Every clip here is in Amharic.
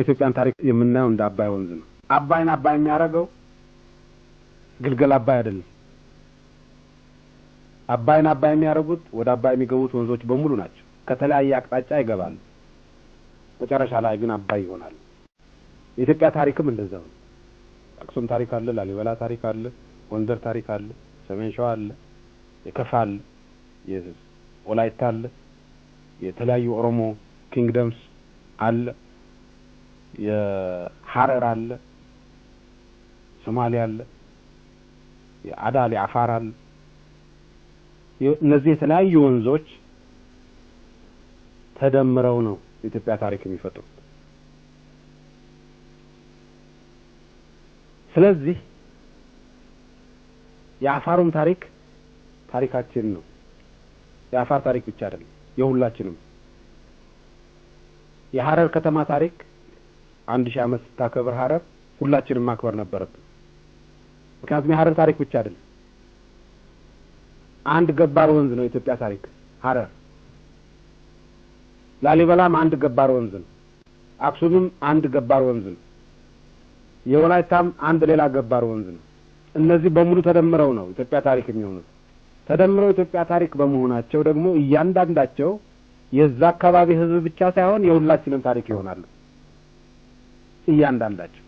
የኢትዮጵያን ታሪክ የምናየው እንደ አባይ ወንዝ ነው። አባይን አባይ የሚያደርገው ግልገል አባይ አይደለም። አባይን አባይ የሚያደርጉት ወደ አባይ የሚገቡት ወንዞች በሙሉ ናቸው። ከተለያየ አቅጣጫ ይገባሉ። መጨረሻ ላይ ግን አባይ ይሆናል። የኢትዮጵያ ታሪክም እንደዛ ነው። አክሱም ታሪክ አለ፣ ላሊበላ ታሪክ አለ፣ ጎንደር ታሪክ አለ፣ ሰሜን ሸዋ አለ፣ የከፋ አለ፣ የወላይታ አለ፣ የተለያዩ ኦሮሞ ኪንግደምስ አለ። የሐረር አለ፣ ሶማሌ አለ፣ የአዳል አፋር አለ። እነዚህ የተለያዩ ወንዞች ተደምረው ነው የኢትዮጵያ ታሪክ የሚፈጥሩት። ስለዚህ የአፋሩም ታሪክ ታሪካችን ነው። የአፋር ታሪክ ብቻ አይደለም፣ የሁላችንም የሐረር ከተማ ታሪክ አንድ ሺህ ዓመት ስታከብር ሀረር ሁላችንም ማክበር ነበረብን። ምክንያቱም የሀረር ታሪክ ብቻ አይደለም፣ አንድ ገባር ወንዝ ነው የኢትዮጵያ ታሪክ ሀረር። ላሊበላም አንድ ገባር ወንዝ ነው። አክሱምም አንድ ገባር ወንዝ ነው። የወላይታም አንድ ሌላ ገባር ወንዝ ነው። እነዚህ በሙሉ ተደምረው ነው ኢትዮጵያ ታሪክ የሚሆኑት። ተደምረው ኢትዮጵያ ታሪክ በመሆናቸው ደግሞ እያንዳንዳቸው የዛ አካባቢ ሕዝብ ብቻ ሳይሆን የሁላችንም ታሪክ ይሆናሉ። እያንዳንዳቸው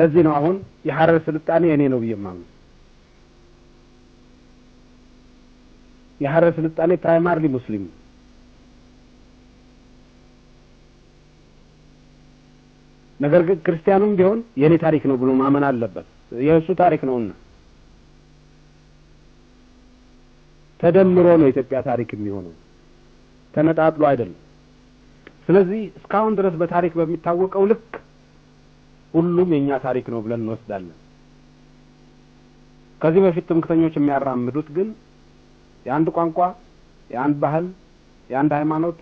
ለዚህ ነው አሁን የሀረር ስልጣኔ የእኔ ነው ብዬ ማምነው። የሀረር ስልጣኔ ፕራይማርሊ ሙስሊም ነው። ነገር ግን ክርስቲያኑም ቢሆን የእኔ ታሪክ ነው ብሎ ማመን አለበት። የእሱ ታሪክ ነውና ተደምሮ ነው የኢትዮጵያ ታሪክ የሚሆነው፣ ተነጣጥሎ አይደለም። ስለዚህ እስካሁን ድረስ በታሪክ በሚታወቀው ልክ ሁሉም የኛ ታሪክ ነው ብለን እንወስዳለን። ከዚህ በፊት ትምክተኞች የሚያራምዱት ግን የአንድ ቋንቋ፣ የአንድ ባህል፣ የአንድ ሃይማኖት፣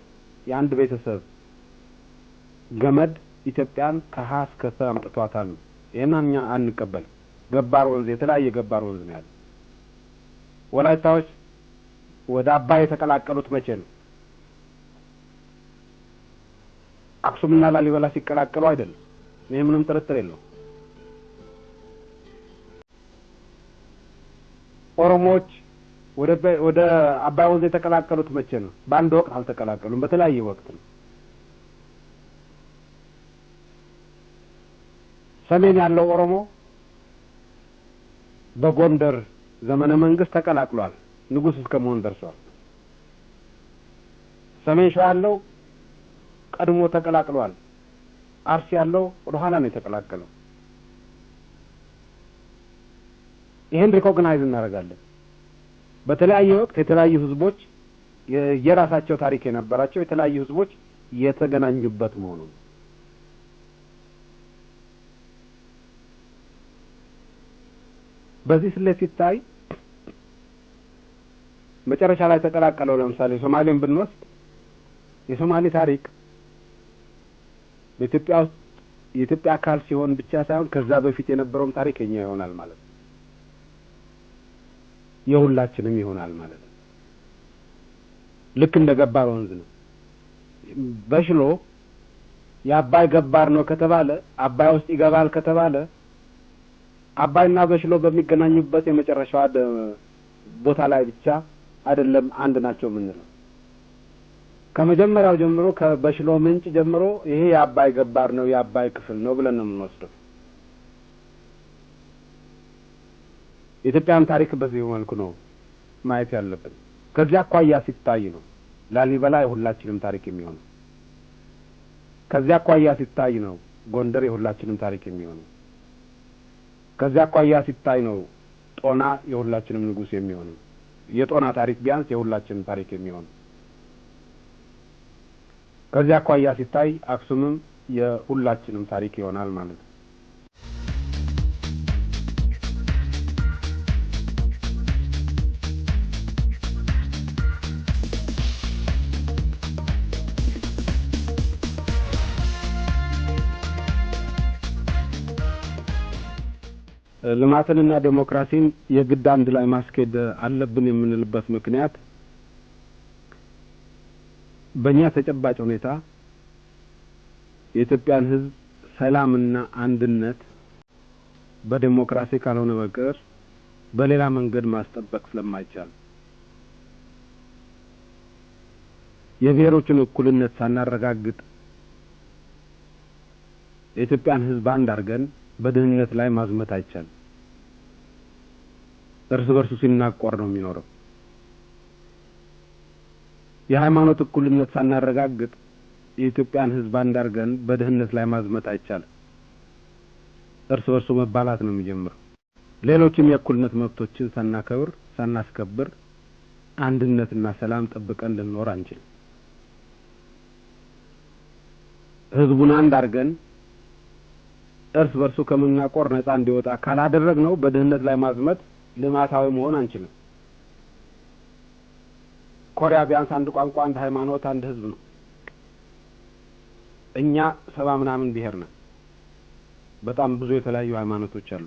የአንድ ቤተሰብ ገመድ ኢትዮጵያን ከሀ እስከ ሰ አምጥቷታል ነው። ይህን እኛ አንቀበል ገባር ወንዝ የተለያየ ገባር ወንዝ ነው ያለ። ወላይታዎች ወደ አባይ የተቀላቀሉት መቼ ነው? አክሱምና ላሊበላ ሲቀላቀሉ አይደለም። ይህ ምንም ጥርጥር የለው። ኦሮሞዎች ወደ አባይ ወንዝ የተቀላቀሉት መቼ ነው? በአንድ ወቅት አልተቀላቀሉም፣ በተለያየ ወቅት ነው። ሰሜን ያለው ኦሮሞ በጎንደር ዘመነ መንግስት ተቀላቅሏል፣ ንጉስ እስከ መሆን ደርሷል። ሰሜን ሸዋ ያለው ቀድሞ ተቀላቅሏል። አርሲ ያለው ወደ ኋላ ነው የተቀላቀለው። ይህን ሪኮግናይዝ እናደርጋለን። በተለያየ ወቅት የተለያዩ ህዝቦች የራሳቸው ታሪክ የነበራቸው የተለያዩ ህዝቦች የተገናኙበት መሆኑ በዚህ ስሌት ሲታይ መጨረሻ ላይ ተቀላቀለው። ለምሳሌ ሶማሌን ብንወስድ የሶማሌ ታሪክ በኢትዮጵያ ውስጥ የኢትዮጵያ አካል ሲሆን ብቻ ሳይሆን ከዛ በፊት የነበረውም ታሪክ የኛ ይሆናል ማለት ነው። የሁላችንም ይሆናል ማለት ነው። ልክ እንደ ገባር ወንዝ ነው። በሽሎ የአባይ ገባር ነው ከተባለ አባይ ውስጥ ይገባል ከተባለ አባይና በሽሎ በሚገናኙበት የመጨረሻዋ ቦታ ላይ ብቻ አይደለም አንድ ናቸው የምንለው ከመጀመሪያው ጀምሮ በሽሎ ምንጭ ጀምሮ ይሄ የአባይ ገባር ነው የአባይ ክፍል ነው ብለን ነው የምንወስደው። የኢትዮጵያን ታሪክ በዚህ መልኩ ነው ማየት ያለብን። ከዚህ አኳያ ሲታይ ነው ላሊበላ የሁላችንም ታሪክ የሚሆነው። ከዚህ አኳያ ሲታይ ነው ጎንደር የሁላችንም ታሪክ የሚሆነው። ከዚህ አኳያ ሲታይ ነው ጦና የሁላችንም ንጉሥ የሚሆነው። የጦና ታሪክ ቢያንስ የሁላችንም ታሪክ የሚሆነው ከዚያ አኳያ ሲታይ አክሱምም የሁላችንም ታሪክ ይሆናል ማለት ነው። ልማትንና ዴሞክራሲን የግድ አንድ ላይ ማስኬድ አለብን የምንልበት ምክንያት በእኛ ተጨባጭ ሁኔታ የኢትዮጵያን ህዝብ ሰላምና አንድነት በዴሞክራሲ ካልሆነ በቀር በሌላ መንገድ ማስጠበቅ ስለማይቻል የብሔሮችን እኩልነት ሳናረጋግጥ የኢትዮጵያን ህዝብ አንድ አድርገን በድህነት ላይ ማዝመት አይቻል። እርስ በርሱ ሲናቋር ነው የሚኖረው። የሃይማኖት እኩልነት ሳናረጋግጥ የኢትዮጵያን ህዝብ አንድ አድርገን በድህነት ላይ ማዝመት አይቻልም። እርስ በርሱ መባላት ነው የሚጀምረው። ሌሎችም የእኩልነት መብቶችን ሳናከብር ሳናስከብር አንድነትና ሰላም ጠብቀን ልንኖር አንችልም። ህዝቡን አንድ አድርገን እርስ በርሱ ከመናቆር ነፃ እንዲወጣ ካላደረግ ነው በድህነት ላይ ማዝመት ልማታዊ መሆን አንችልም። ኮሪያ ቢያንስ አንድ ቋንቋ፣ አንድ ሃይማኖት፣ አንድ ህዝብ ነው። እኛ ሰባ ምናምን ብሄር ነን። በጣም ብዙ የተለያዩ ሃይማኖቶች አሉ።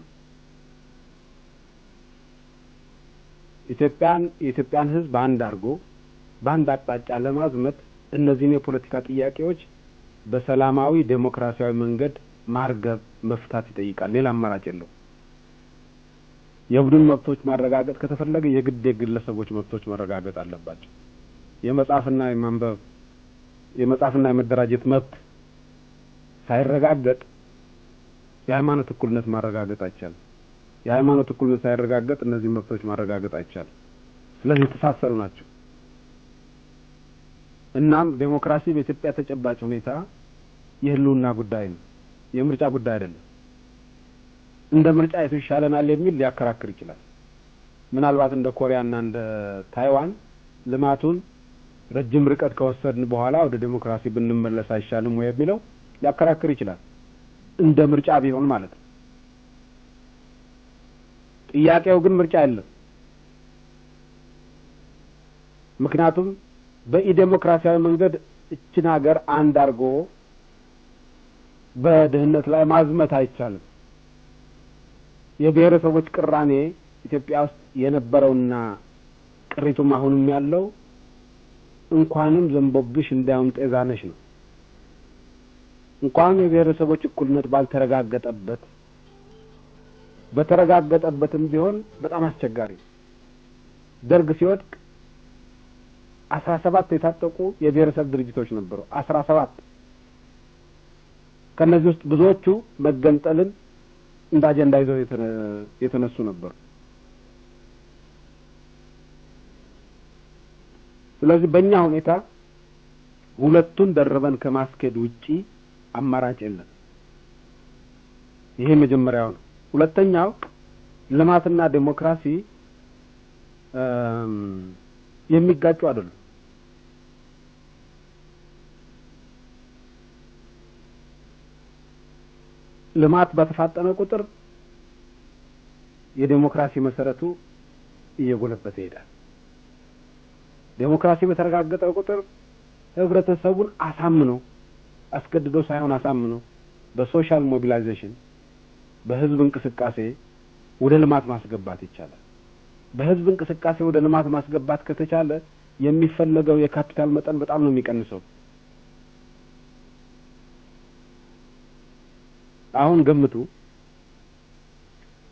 ኢትዮጵያን የኢትዮጵያን ህዝብ አንድ አድርጎ በአንድ አቅጣጫ ለማዝመት እነዚህን የፖለቲካ ጥያቄዎች በሰላማዊ ዴሞክራሲያዊ መንገድ ማርገብ መፍታት ይጠይቃል። ሌላ አማራጭ የለው። የቡድን መብቶች ማረጋገጥ ከተፈለገ የግድ የግለሰቦች መብቶች መረጋገጥ አለባቸው። የመጻፍና የማንበብ የመጻፍና የመደራጀት መብት ሳይረጋገጥ የሃይማኖት እኩልነት ማረጋገጥ አይቻልም። የሃይማኖት እኩልነት ሳይረጋገጥ እነዚህ መብቶች ማረጋገጥ አይቻልም። ስለዚህ የተሳሰሩ ናቸው። እናም ዴሞክራሲ በኢትዮጵያ ተጨባጭ ሁኔታ የህልውና ጉዳይ ነው፣ የምርጫ ጉዳይ አይደለም። እንደ ምርጫ የቱ ይሻለናል የሚል ሊያከራክር ይችላል። ምናልባት እንደ ኮሪያና እንደ ታይዋን ልማቱን ረጅም ርቀት ከወሰድን በኋላ ወደ ዴሞክራሲ ብንመለስ አይሻልም ወይ የሚለው ሊያከራክር ይችላል። እንደ ምርጫ ቢሆን ማለት ነው። ጥያቄው ግን ምርጫ የለም። ምክንያቱም በኢዴሞክራሲያዊ መንገድ እችን ሀገር አንድ አድርጎ በድህነት ላይ ማዝመት አይቻልም። የብሔረሰቦች ቅራኔ ኢትዮጵያ ውስጥ የነበረውና ቅሪቱም አሁንም ያለው እንኳንም ዘንቦብሽ እንዳውም ጤዛነሽ ነው። እንኳን የብሔረሰቦች እኩልነት ባልተረጋገጠበት በተረጋገጠበትም ቢሆን በጣም አስቸጋሪ ነው። ደርግ ሲወድቅ አስራ ሰባት የታጠቁ የብሔረሰብ ድርጅቶች ነበሩ። አስራ ሰባት ከእነዚህ ውስጥ ብዙዎቹ መገንጠልን እንደ አጀንዳ ይዘው የተነሱ ነበሩ። ስለዚህ በእኛ ሁኔታ ሁለቱን ደርበን ከማስኬድ ውጪ አማራጭ የለም። ይሄ መጀመሪያው ነው። ሁለተኛው ልማትና ዴሞክራሲ የሚጋጩ አይደሉም። ልማት በተፋጠነ ቁጥር የዴሞክራሲ መሰረቱ እየጎለበተ ይሄዳል። ዴሞክራሲ በተረጋገጠ ቁጥር ህብረተሰቡን አሳምኖ አስገድዶ ሳይሆን አሳምኖ በሶሻል ሞቢላይዜሽን በህዝብ እንቅስቃሴ ወደ ልማት ማስገባት ይቻላል። በህዝብ እንቅስቃሴ ወደ ልማት ማስገባት ከተቻለ የሚፈለገው የካፒታል መጠን በጣም ነው የሚቀንሰው። አሁን ገምቱ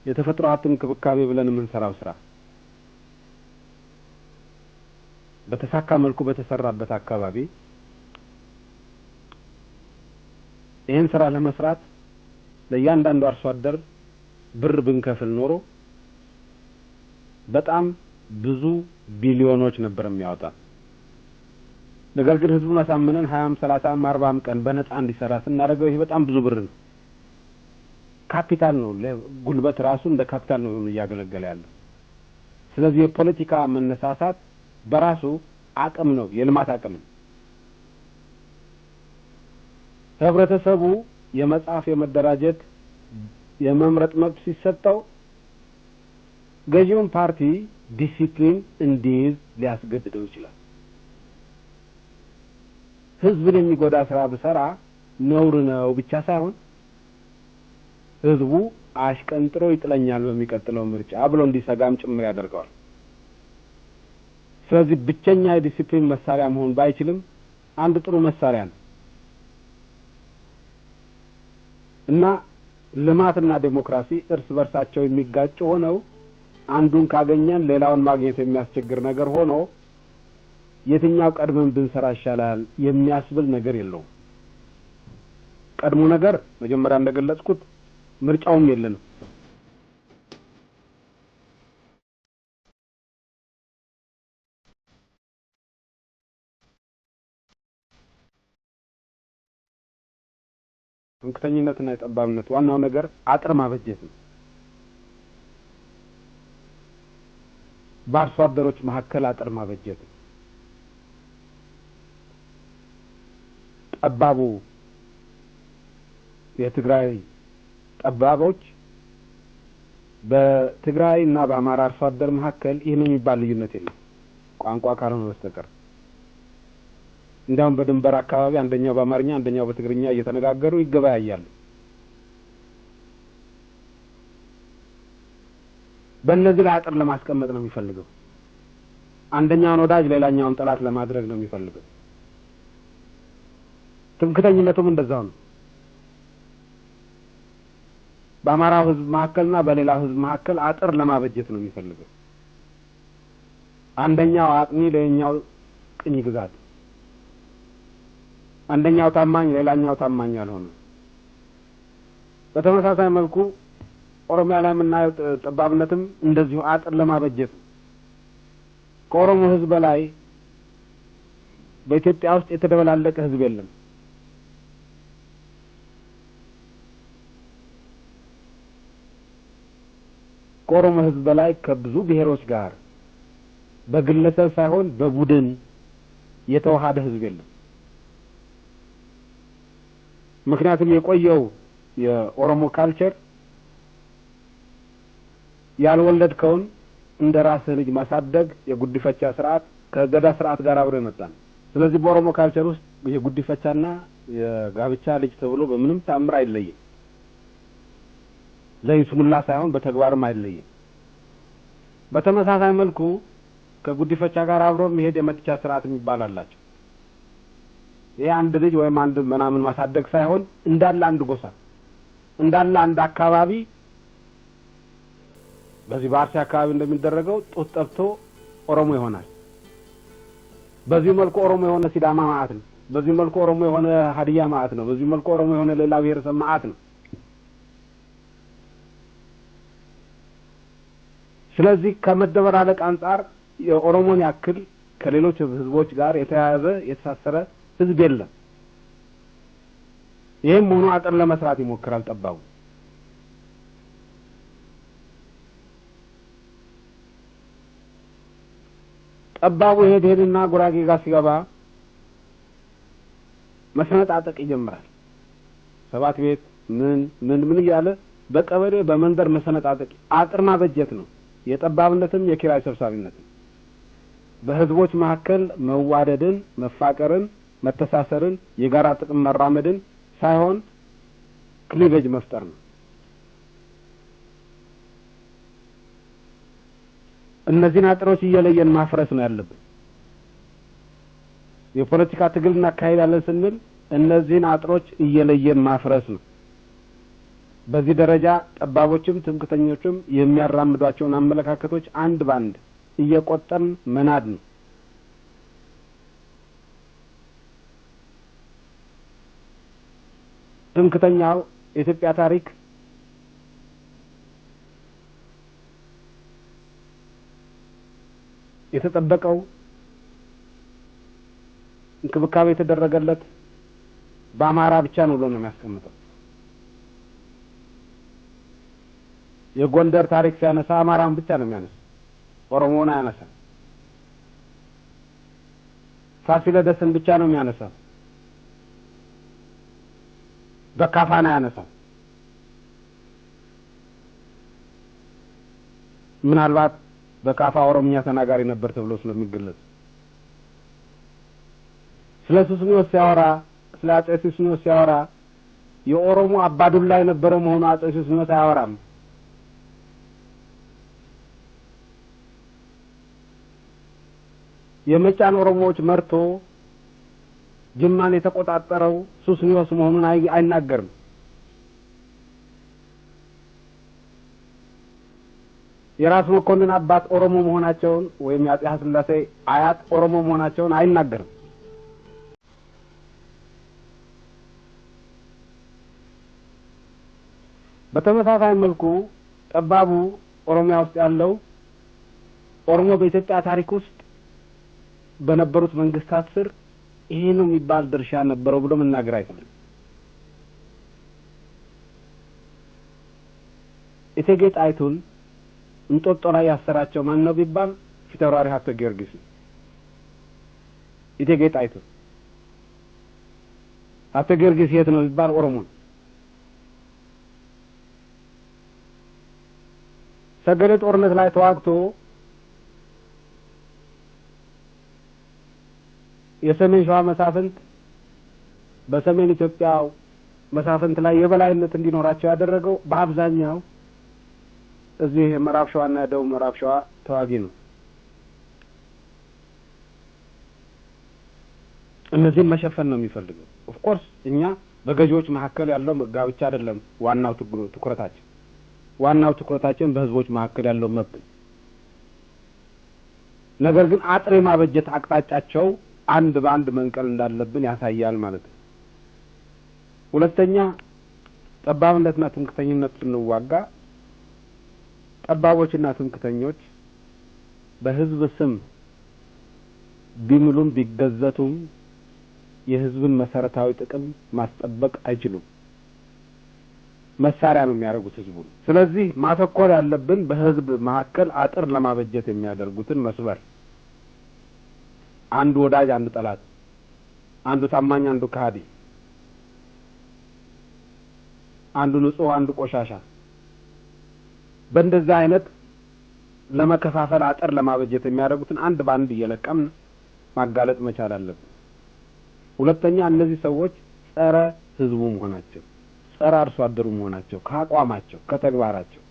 የተፈጥሮ ሀብት እንክብካቤ ብለን የምንሰራው ስራ በተሳካ መልኩ በተሰራበት አካባቢ ይህን ስራ ለመስራት ለእያንዳንዱ አርሶ አደር ብር ብንከፍል ኖሮ በጣም ብዙ ቢሊዮኖች ነበር የሚያወጣ። ነገር ግን ህዝቡን አሳምነን ሀያም ሰላሳም አርባም ቀን በነጻ እንዲሰራ ስናደርገው ይሄ በጣም ብዙ ብር ነው። ካፒታል ነው። ለጉልበት ራሱ እንደ ካፒታል ነው እያገለገለ ያለው። ስለዚህ የፖለቲካ መነሳሳት በራሱ አቅም ነው፣ የልማት አቅም ነው። ህብረተሰቡ የመጻፍ የመደራጀት የመምረጥ መብት ሲሰጠው ገዢውን ፓርቲ ዲሲፕሊን እንዲይዝ ሊያስገድደው ይችላል። ህዝብን የሚጎዳ ስራ ብሰራ ነውር ነው ብቻ ሳይሆን ህዝቡ አሽቀንጥሮ ይጥለኛል በሚቀጥለው ምርጫ ብሎ እንዲሰጋም ጭምር ያደርገዋል። ስለዚህ ብቸኛ የዲሲፕሊን መሳሪያ መሆን ባይችልም አንድ ጥሩ መሳሪያ ነው እና ልማትና ዴሞክራሲ እርስ በርሳቸው የሚጋጩ ሆነው አንዱን ካገኘን ሌላውን ማግኘት የሚያስቸግር ነገር ሆኖ የትኛው ቀድመን ብንሰራ ይሻላል የሚያስብል ነገር የለውም። ቀድሞ ነገር መጀመሪያ እንደገለጽኩት ምርጫውም የለንም። ትምክተኝነትና የጠባብነት ዋናው ነገር አጥር ማበጀት ነው። በአርሶ አደሮች መካከል አጥር ማበጀት ነው። ጠባቡ የትግራይ ጠባቦች በትግራይ እና በአማራ አርሶ አደር መካከል ይህን የሚባል ልዩነት የለም ቋንቋ ካልሆነ በስተቀር እንዲያውም በድንበር አካባቢ አንደኛው በአማርኛ አንደኛው በትግርኛ እየተነጋገሩ ይገበያያሉ። በእነዚህ ላይ አጥር ለማስቀመጥ ነው የሚፈልገው። አንደኛውን ወዳጅ ሌላኛውን ጠላት ለማድረግ ነው የሚፈልገው። ትምክተኝነቱም እንደዛው ነው። በአማራው ሕዝብ መካከልና በሌላው ሕዝብ መካከል አጥር ለማበጀት ነው የሚፈልገው። አንደኛው አጥኒ፣ ሌላኛው ቅኝ ግዛት አንደኛው ታማኝ ሌላኛው ታማኝ ያልሆነ። በተመሳሳይ መልኩ ኦሮሚያ ላይ የምናየው ጠባብነትም እንደዚሁ አጥር ለማበጀት ከኦሮሞ ህዝብ በላይ በኢትዮጵያ ውስጥ የተደበላለቀ ህዝብ የለም። ከኦሮሞ ህዝብ በላይ ከብዙ ብሔሮች ጋር በግለሰብ ሳይሆን በቡድን የተዋሃደ ህዝብ የለም። ምክንያቱም የቆየው የኦሮሞ ካልቸር ያልወለድከውን እንደ ራስህ ልጅ ማሳደግ የጉድፈቻ ስርዓት ከገዳ ስርዓት ጋር አብሮ ይመጣ። ነው። ስለዚህ በኦሮሞ ካልቸር ውስጥ የጉድፈቻና የጋብቻ ልጅ ተብሎ በምንም ታምር አይለይም። ለይስሙላ ሳይሆን በተግባርም አይለይም። በተመሳሳይ መልኩ ከጉዲፈቻ ጋር አብሮ መሄድ የመጥቻ ስርዓት የሚባል አላቸው። ይሄ አንድ ልጅ ወይም አንድ ምናምን ማሳደግ ሳይሆን እንዳለ አንድ ጎሳ እንዳለ አንድ አካባቢ በዚህ በአርሲ አካባቢ እንደሚደረገው ጡት ጠብቶ ኦሮሞ ይሆናል። በዚህ መልኩ ኦሮሞ የሆነ ሲዳማ ማዕት ነው። በዚህ መልኩ ኦሮሞ የሆነ ሀዲያ ማዕት ነው። በዚሁ መልኩ ኦሮሞ የሆነ ሌላ ብሔረሰብ ማዕት ነው። ስለዚህ አለቃ አንጻር የኦሮሞን ያክል ከሌሎች ህዝቦች ጋር የተያያዘ የተሳሰረ ህዝብ የለም። ይህም ሆኖ አጥር ለመስራት ይሞክራል ጠባቡ። ጠባቡ ሄድ ሄድና ጉራጌ ጋር ሲገባ መሰነጣጠቅ ይጀምራል። ሰባት ቤት ምን ምን ምን እያለ በቀበሌ በመንደር መሰነጣጠቅ፣ አጥር ማበጀት ነው የጠባብነትም የኪራይ ሰብሳቢነትም በህዝቦች መካከል መዋደድን መፋቀርን መተሳሰርን፣ የጋራ ጥቅም መራመድን ሳይሆን ክሊቬጅ መፍጠር ነው። እነዚህን አጥሮች እየለየን ማፍረስ ነው ያለብን። የፖለቲካ ትግል እናካሄዳለን ስንል እነዚህን አጥሮች እየለየን ማፍረስ ነው። በዚህ ደረጃ ጠባቦችም ትምክተኞችም የሚያራምዷቸውን አመለካከቶች አንድ ባንድ እየቆጠርን መናድ ነው። ትምክተኛው የኢትዮጵያ ታሪክ የተጠበቀው እንክብካቤ የተደረገለት በአማራ ብቻ ነው ብሎ ነው የሚያስቀምጠው። የጎንደር ታሪክ ሲያነሳ አማራን ብቻ ነው የሚያነሳ፣ ኦሮሞውን አያነሳ። ፋሲለደስን ብቻ ነው የሚያነሳው። በካፋና ያነሳል። ምናልባት በካፋ ኦሮምኛ ተናጋሪ ነበር ተብሎ ስለሚገለጽ ስለ ሱስንዮስ ሲያወራ ስለ አጼ ሱስንዮስ ሲያወራ የኦሮሞ አባዱላ የነበረ መሆኑ አጼ ሱስንዮስ አያወራም። የመጫን ኦሮሞዎች መርቶ ጅማን የተቆጣጠረው ሱስኒዮስ መሆኑን አይናገርም። የራስ መኮንን አባት ኦሮሞ መሆናቸውን ወይም የአጼ ኃይለሥላሴ አያት ኦሮሞ መሆናቸውን አይናገርም። በተመሳሳይ መልኩ ጠባቡ ኦሮሚያ ውስጥ ያለው ኦሮሞ በኢትዮጵያ ታሪክ ውስጥ በነበሩት መንግስታት ስር ይሄ ነው የሚባል ድርሻ ነበረው ብሎ መናገር አይችልም። እቴጌ ጣይቱን እንጦጦ ላይ ያሰራቸው ማን ነው ቢባል ፊታውራሪ ሀብተ ጊዮርጊስ ነው። እቴጌ ጣይቱ ሀብተ ጊዮርጊስ የት ነው ቢባል ኦሮሞን። ሰገሌ ጦርነት ላይ ተዋግቶ የሰሜን ሸዋ መሳፍንት በሰሜን ኢትዮጵያ መሳፍንት ላይ የበላይነት እንዲኖራቸው ያደረገው በአብዛኛው እዚህ ሸዋ ሸዋና የደቡብ ምዕራብ ሸዋ ተዋጊ ነው። እነዚህም መሸፈን ነው የሚፈልገው። ኦፍኮርስ እኛ በገዢዎች መካከል ያለው መጋብቻ አይደለም ዋናው ትኩረታችን። ዋናው ትኩረታችን በህዝቦች መካከል ያለው መብት። ነገር ግን አጥር የማበጀት አቅጣጫቸው አንድ በአንድ መንቀል እንዳለብን ያሳያል ማለት ነው። ሁለተኛ ጠባብነትና ትምክተኝነት ስንዋጋ ጠባቦችና ትምክተኞች በህዝብ ስም ቢምሉም ቢገዘቱም የህዝብን መሰረታዊ ጥቅም ማስጠበቅ አይችሉም። መሳሪያ ነው የሚያደርጉት ሕዝቡን። ስለዚህ ማተኮር ያለብን በህዝብ መካከል አጥር ለማበጀት የሚያደርጉትን መስበር አንዱ ወዳጅ፣ አንዱ ጠላት፣ አንዱ ታማኝ፣ አንዱ ከሃዲ፣ አንዱ ንጹህ፣ አንዱ ቆሻሻ። በእንደዛ አይነት ለመከፋፈል አጥር ለማበጀት የሚያደርጉትን አንድ በአንድ እየለቀምን ማጋለጥ መቻል አለብን። ሁለተኛ እነዚህ ሰዎች ጸረ ህዝቡ መሆናቸው፣ ጸረ አርሶ አደሩ መሆናቸው ከአቋማቸው ከተግባራቸው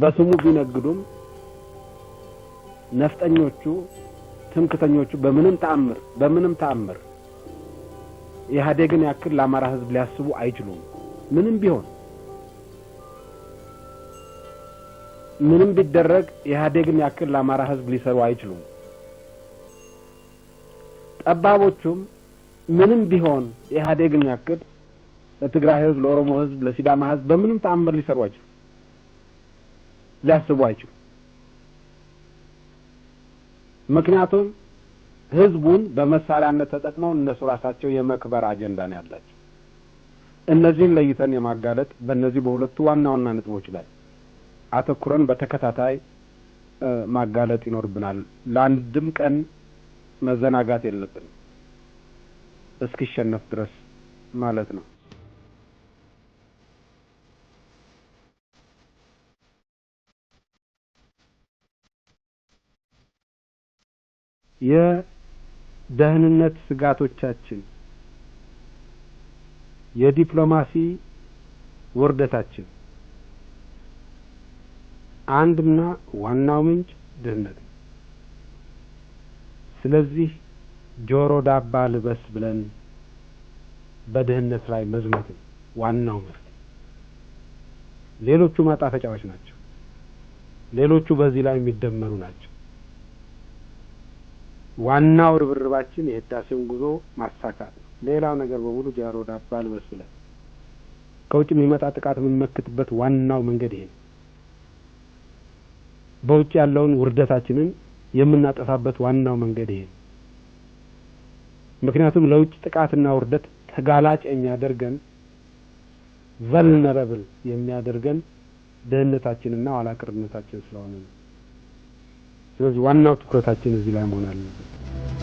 በስሙ ቢነግዱም ነፍጠኞቹ ትምክተኞቹ በምንም ተአምር በምንም ተአምር ኢህአዴግን ያክል ለአማራ ህዝብ ሊያስቡ አይችሉም። ምንም ቢሆን ምንም ቢደረግ ኢህአዴግን ያክል ለአማራ ህዝብ ሊሰሩ አይችሉም። ጠባቦቹም ምንም ቢሆን ኢህአዴግን ያክል ለትግራይ ህዝብ፣ ለኦሮሞ ህዝብ፣ ለሲዳማ ህዝብ በምንም ተአምር ሊሰሩ አይችሉም፣ ሊያስቡ አይችሉም። ምክንያቱም ህዝቡን በመሳሪያነት ተጠቅመው እነሱ ራሳቸው የመክበር አጀንዳ ነው ያላቸው። እነዚህን ለይተን የማጋለጥ በእነዚህ በሁለቱ ዋና ዋና ነጥቦች ላይ አተኩረን በተከታታይ ማጋለጥ ይኖርብናል። ለአንድም ቀን መዘናጋት የለብን እስኪሸነፍ ድረስ ማለት ነው። የደህንነት ስጋቶቻችን የዲፕሎማሲ ውርደታችን አንድና ዋናው ምንጭ ድህነት ነው። ስለዚህ ጆሮ ዳባ ልበስ ብለን በድህነት ላይ መዝመት ዋናው መፍትሄ። ሌሎቹ ማጣፈጫዎች ናቸው። ሌሎቹ በዚህ ላይ የሚደመሩ ናቸው። ዋናው ርብርባችን የህዳሴውን ጉዞ ማሳካት ነው። ሌላው ነገር በሙሉ ጃሮ ዳባ ልበስ ከውጭ የሚመጣ ጥቃት የምንመክትበት ዋናው መንገድ ይሄ ነው። በውጭ ያለውን ውርደታችንን የምናጠፋበት ዋናው መንገድ ይሄ ነው። ምክንያቱም ለውጭ ጥቃትና ውርደት ተጋላጭ የሚያደርገን ቨልነረብል የሚያደርገን ደህንነታችንና ኋላቀርነታችን ስለሆነ ነው። ስለዚህ ዋናው ትኩረታችን እዚህ ላይ መሆን አለበት።